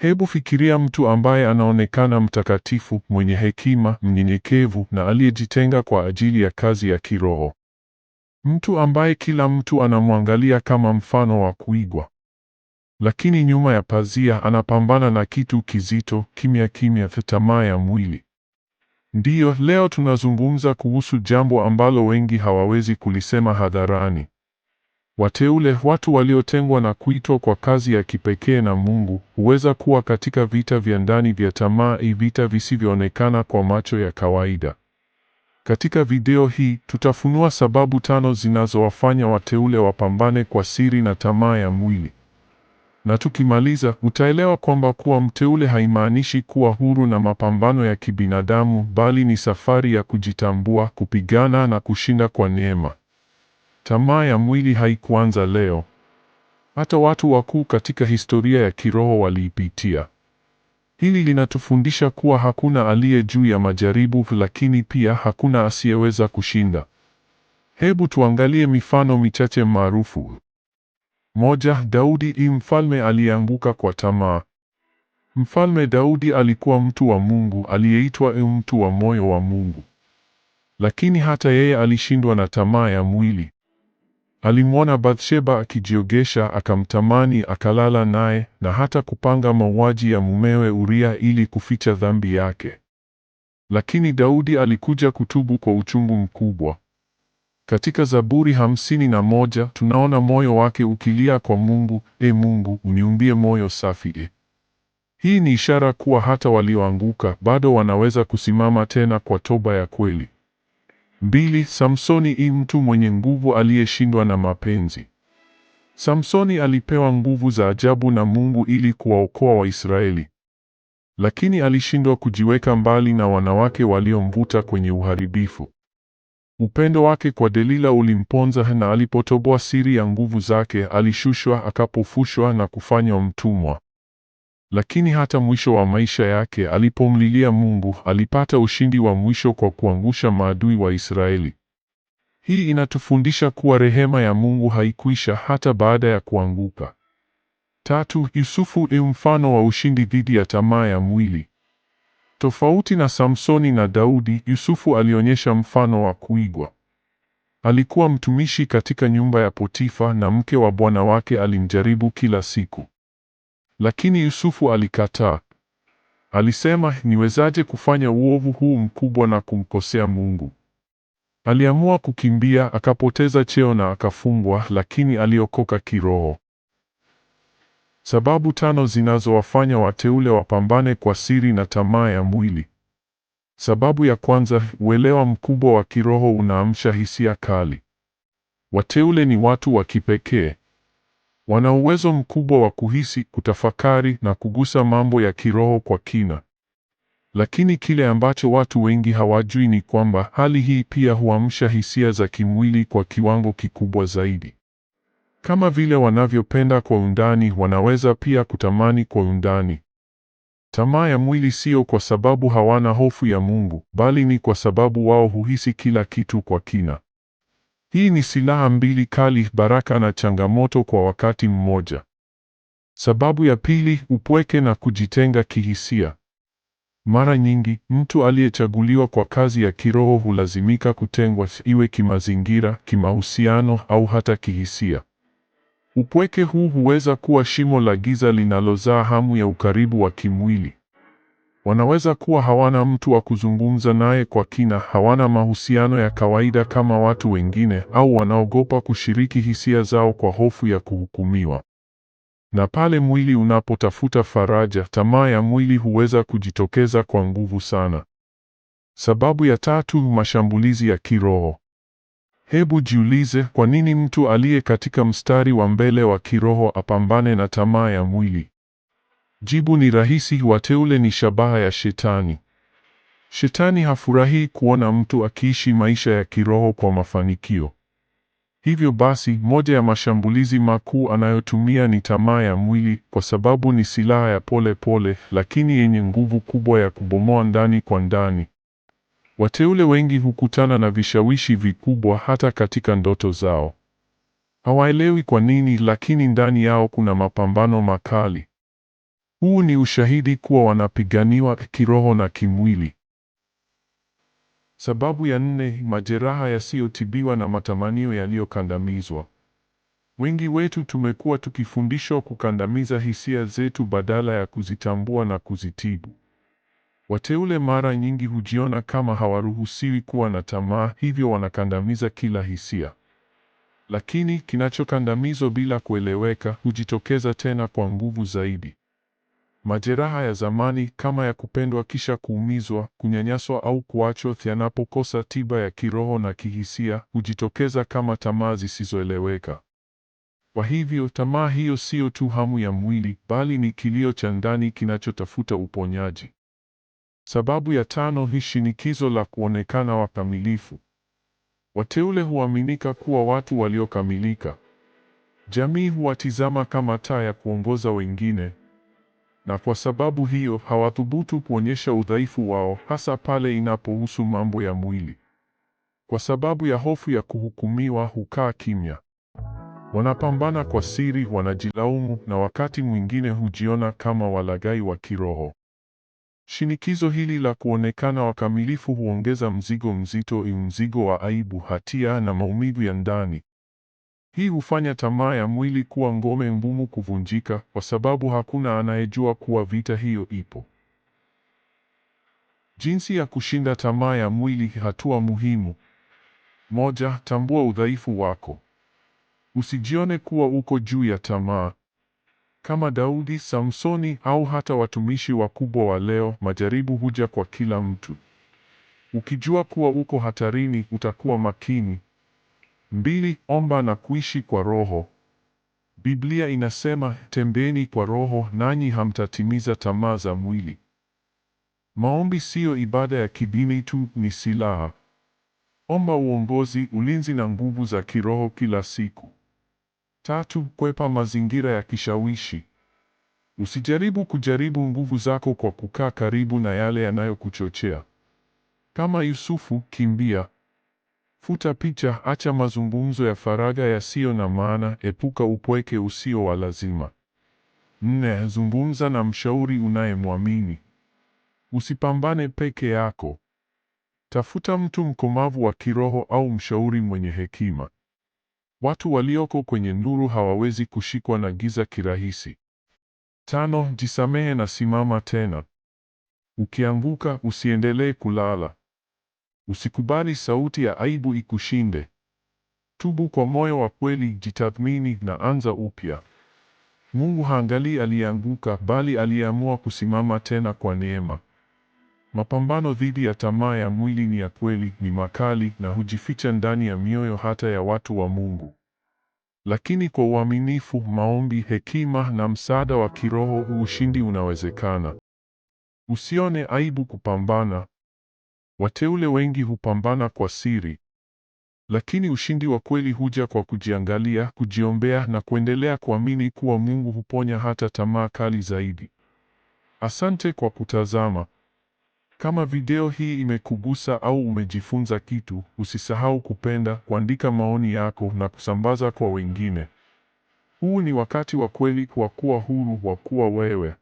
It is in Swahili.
Hebu fikiria mtu ambaye anaonekana mtakatifu, mwenye hekima, mnyenyekevu na aliyejitenga kwa ajili ya kazi ya kiroho. Mtu ambaye kila mtu anamwangalia kama mfano wa kuigwa. Lakini nyuma ya pazia anapambana na kitu kizito, kimya kimya, tamaa ya mwili. Ndiyo, leo tunazungumza kuhusu jambo ambalo wengi hawawezi kulisema hadharani. Wateule, watu waliotengwa na kuitwa kwa kazi ya kipekee na Mungu, huweza kuwa katika vita vya ndani vya tamaa, vita visivyoonekana kwa macho ya kawaida. Katika video hii tutafunua sababu tano zinazowafanya wateule wapambane kwa siri na tamaa ya mwili, na tukimaliza utaelewa kwamba kuwa mteule haimaanishi kuwa huru na mapambano ya kibinadamu, bali ni safari ya kujitambua, kupigana na kushinda kwa neema. Tamaa ya mwili haikuanza leo. Hata watu wakuu katika historia ya kiroho waliipitia. Hili linatufundisha kuwa hakuna aliye juu ya majaribu, lakini pia hakuna asiyeweza kushinda. Hebu tuangalie mifano michache maarufu. Moja, Daudi i mfalme aliyeanguka kwa tamaa. Mfalme Daudi alikuwa mtu wa Mungu aliyeitwa mtu wa moyo wa Mungu, lakini hata yeye alishindwa na tamaa ya mwili. Alimwona Bathsheba akijiogesha, akamtamani, akalala naye na hata kupanga mauaji ya mumewe Uria ili kuficha dhambi yake. Lakini Daudi alikuja kutubu kwa uchungu mkubwa. Katika Zaburi hamsini na moja tunaona moyo wake ukilia kwa Mungu, E Mungu, uniumbie moyo safi. E. Hii ni ishara kuwa hata walioanguka bado wanaweza kusimama tena kwa toba ya kweli. Mbili, Samsoni i mtu mwenye nguvu aliyeshindwa na mapenzi. Samsoni alipewa nguvu za ajabu na Mungu ili kuwaokoa Waisraeli, lakini alishindwa kujiweka mbali na wanawake waliomvuta kwenye uharibifu. Upendo wake kwa Delila ulimponza, na alipotoboa siri ya nguvu zake, alishushwa, akapofushwa na kufanywa mtumwa. Lakini hata mwisho wa maisha yake alipomlilia Mungu, alipata ushindi wa mwisho kwa kuangusha maadui wa Israeli. Hii inatufundisha kuwa rehema ya Mungu haikuisha hata baada ya kuanguka. Tatu, Yusufu ni mfano wa ushindi dhidi ya tamaa ya mwili. Tofauti na Samsoni na Daudi, Yusufu alionyesha mfano wa kuigwa. Alikuwa mtumishi katika nyumba ya Potifa na mke wa bwana wake alimjaribu kila siku. Lakini Yusufu alikataa. Alisema, niwezaje kufanya uovu huu mkubwa na kumkosea Mungu? Aliamua kukimbia, akapoteza cheo na akafungwa, lakini aliokoka kiroho. Sababu tano zinazowafanya wateule wapambane kwa siri na tamaa ya mwili. Sababu ya kwanza, uelewa mkubwa wa kiroho unaamsha hisia kali. Wateule ni watu wa kipekee. Wana uwezo mkubwa wa kuhisi, kutafakari na kugusa mambo ya kiroho kwa kina. Lakini kile ambacho watu wengi hawajui ni kwamba hali hii pia huamsha hisia za kimwili kwa kiwango kikubwa zaidi. Kama vile wanavyopenda kwa undani, wanaweza pia kutamani kwa undani. Tamaa ya mwili sio kwa sababu hawana hofu ya Mungu, bali ni kwa sababu wao huhisi kila kitu kwa kina. Hii ni silaha mbili kali, baraka na changamoto kwa wakati mmoja. Sababu ya pili, upweke na kujitenga kihisia. Mara nyingi mtu aliyechaguliwa kwa kazi ya kiroho hulazimika kutengwa, iwe kimazingira, kimahusiano au hata kihisia. Upweke huu huweza kuwa shimo la giza linalozaa hamu ya ukaribu wa kimwili. Wanaweza kuwa hawana mtu wa kuzungumza naye kwa kina, hawana mahusiano ya kawaida kama watu wengine, au wanaogopa kushiriki hisia zao kwa hofu ya kuhukumiwa. Na pale mwili unapotafuta faraja, tamaa ya mwili huweza kujitokeza kwa nguvu sana. Sababu ya tatu, mashambulizi ya kiroho. Hebu jiulize, kwa nini mtu aliye katika mstari wa mbele wa kiroho apambane na tamaa ya mwili? Jibu ni rahisi, wateule ni shabaha ya Shetani. Shetani hafurahi kuona mtu akiishi maisha ya kiroho kwa mafanikio. Hivyo basi, moja ya mashambulizi makuu anayotumia ni tamaa ya mwili, kwa sababu ni silaha ya pole pole, lakini yenye nguvu kubwa ya kubomoa ndani kwa ndani. Wateule wengi hukutana na vishawishi vikubwa hata katika ndoto zao. Hawaelewi kwa nini, lakini ndani yao kuna mapambano makali. Huu ni ushahidi kuwa wanapiganiwa kiroho na kimwili. Sababu ya nne, majeraha yasiyotibiwa na matamanio yaliyokandamizwa. Wengi wetu tumekuwa tukifundishwa kukandamiza hisia zetu badala ya kuzitambua na kuzitibu. Wateule mara nyingi hujiona kama hawaruhusiwi kuwa na tamaa, hivyo wanakandamiza kila hisia. Lakini kinachokandamizwa bila kueleweka hujitokeza tena kwa nguvu zaidi. Majeraha ya zamani kama ya kupendwa kisha kuumizwa, kunyanyaswa au kuachwa yanapokosa tiba ya kiroho na kihisia, hujitokeza kama tamaa zisizoeleweka. Kwa hivyo, tamaa hiyo siyo tu hamu ya mwili, bali ni kilio cha ndani kinachotafuta uponyaji. Sababu ya tano ni shinikizo la kuonekana wakamilifu. Wateule huaminika kuwa watu waliokamilika. Jamii huwatizama kama taa ya kuongoza wengine, na kwa sababu hiyo hawathubutu kuonyesha udhaifu wao, hasa pale inapohusu mambo ya mwili. Kwa sababu ya hofu ya kuhukumiwa, hukaa kimya. Wanapambana kwa siri, wanajilaumu na wakati mwingine hujiona kama walagai wa kiroho. Shinikizo hili la kuonekana wakamilifu huongeza mzigo mzito, mzigo wa aibu, hatia na maumivu ya ndani. Hii hufanya tamaa ya mwili kuwa ngome ngumu kuvunjika, kwa sababu hakuna anayejua kuwa vita hiyo ipo. Jinsi ya kushinda tamaa ya mwili: hatua muhimu. Moja, tambua udhaifu wako. Usijione kuwa uko juu ya tamaa. Kama Daudi, Samsoni au hata watumishi wakubwa wa leo, majaribu huja kwa kila mtu. Ukijua kuwa uko hatarini, utakuwa makini. Mbili, omba na kuishi kwa Roho. Biblia inasema tembeni kwa Roho nanyi hamtatimiza tamaa za mwili. Maombi siyo ibada ya kidini tu, ni silaha. Omba uongozi, ulinzi na nguvu za kiroho kila siku. Tatu, kwepa mazingira ya kishawishi. Usijaribu kujaribu nguvu zako kwa kukaa karibu na yale yanayokuchochea. Kama Yusufu, kimbia. Futa picha, acha mazungumzo ya faragha yasiyo na maana, epuka upweke usio wa lazima. Nne, zungumza na mshauri unayemwamini. Usipambane peke yako. Tafuta mtu mkomavu wa kiroho au mshauri mwenye hekima. Watu walioko kwenye nuru hawawezi kushikwa na giza kirahisi. Tano, jisamehe na simama tena. Ukianguka, usiendelee kulala. Usikubali sauti ya aibu ikushinde. Tubu kwa moyo wa kweli, jitathmini na anza upya. Mungu haangalii aliyeanguka, bali aliyeamua kusimama tena kwa neema. Mapambano dhidi ya tamaa ya mwili ni ya kweli, ni makali na hujificha ndani ya mioyo hata ya watu wa Mungu. Lakini kwa uaminifu, maombi, hekima na msaada wa kiroho, ushindi unawezekana. Usione aibu kupambana, Wateule wengi hupambana kwa siri, lakini ushindi wa kweli huja kwa kujiangalia, kujiombea na kuendelea kuamini kuwa Mungu huponya hata tamaa kali zaidi. Asante kwa kutazama. Kama video hii imekugusa au umejifunza kitu, usisahau kupenda, kuandika maoni yako na kusambaza kwa wengine. Huu ni wakati wa kweli wa kuwa huru, wa kuwa wewe.